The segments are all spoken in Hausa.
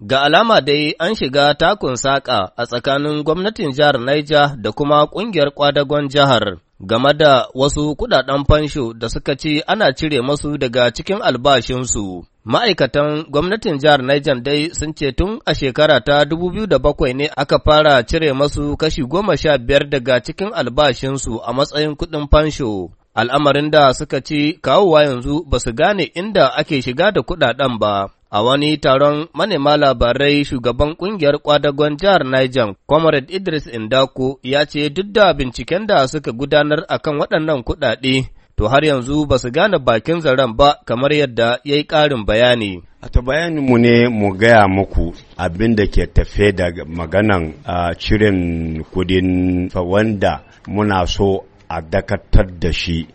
Ga alama dai an shiga takun saƙa a tsakanin gwamnatin jihar Niger da kuma ƙungiyar kwadagon jihar game da wasu kudaden fansho da suka ci ana cire masu daga cikin albashinsu. Ma'aikatan gwamnatin jihar Niger dai sun ce tun a shekara ta 2007 ne aka fara cire masu kashi goma sha biyar daga cikin albashinsu a matsayin kuɗin fansho. Al'amarin da suka ci kawowa yanzu ba su gane inda ake shiga da kuɗaɗen ba. A wani taron manema labarai shugaban ƙungiyar kwadagon jihar Niger, Comrade Idris Indako ya ce duk da binciken da suka gudanar akan waɗannan kuɗaɗe, to har yanzu ba su gane bakin zaren ba kamar yadda ya yi ƙarin bayani. A ta mu ne mu gaya muku abin da ke tafe da maganan cirin kudin wanda muna so a dakatar da shi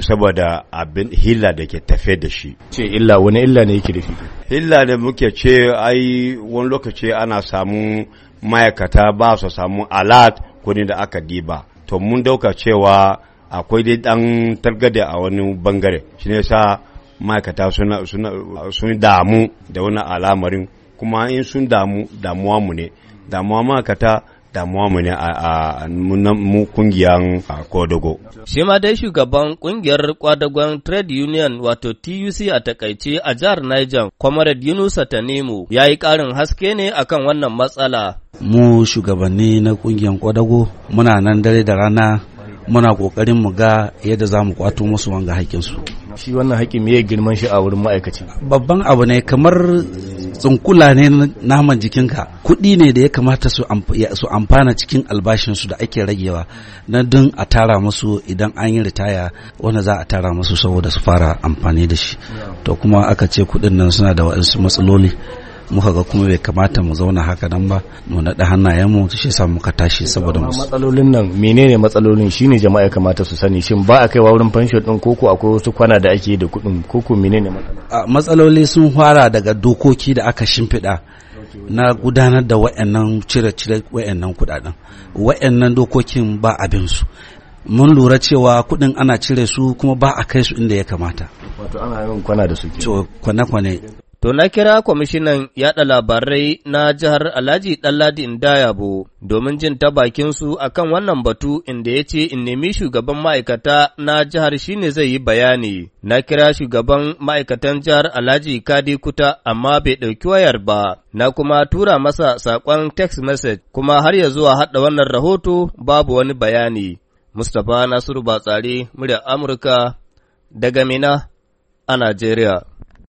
saboda abin hila da ke tafe da shi ce illa wani illa ne yake da shi hila da muke ce ai wani lokaci ana samu ma'aikata ba su samu alat kuni da aka diba to mun dauka cewa akwai dai dan targade a wani bangare shi ne sa ma'aikata sun damu da wani alamarin kuma in sun damu damuwa mu ne damuwa ma'aikata damuwa mu ne a mu kungiyan kodogo. Shi ma dai shugaban kungiyar kwadagon trade union wato TUC a takaice a jihar Niger, Comrade Yunusa Tanimu ya yi ƙarin haske ne akan wannan matsala. Mu shugabanni na kungiyar kwadago muna nan dare da rana muna ƙoƙarin mu ga yadda za mu kwato musu wanga haƙƙinsu. Shi wannan haƙƙin me girman shi a wurin ma'aikaci? Babban abu ne kamar tsunkula ne naman jikinka kuɗi ne da ya kamata su amfana cikin albashinsu da ake ragewa na don a tara musu idan an yi ritaya wanda za a tara musu saboda su fara amfani da shi to kuma aka ce kuɗin nan suna da waɗansu matsaloli muka ga kuma bai kamata mu zauna haka nan ba mu naɗa hannayen mu shi yasa muka tashi saboda mu matsalolin nan menene matsalolin shine jama'a ya kamata su sani shin ba a kaiwa wurin pension din koko akwai wasu kwana da ake da kuɗin koko menene matsaloli sun fara daga dokoki da aka shimfiɗa na gudanar da wa'annan cire-cire wa'annan kudaden wa'annan dokokin ba abin su mun lura cewa kudin ana cire su kuma ba a kai su inda ya kamata wato ana yin kwana da su to kwane To na kira kwamishinan yaɗa labarai na jihar Alhaji Ɗanladi Indayabo domin jin ta bakinsu a kan wannan batu inda ya ce in nemi shugaban ma'aikata na jihar shine zai yi bayani. Na kira shugaban ma'aikatan jihar Alhaji Kadi Kuta amma bai ɗauki wayar ba. Na kuma tura masa saƙon text message kuma har ya zuwa haɗa wannan rahoto babu wani bayani. Mustapha Nasiru Batsari, murya Amurka, daga Mina a Najeriya.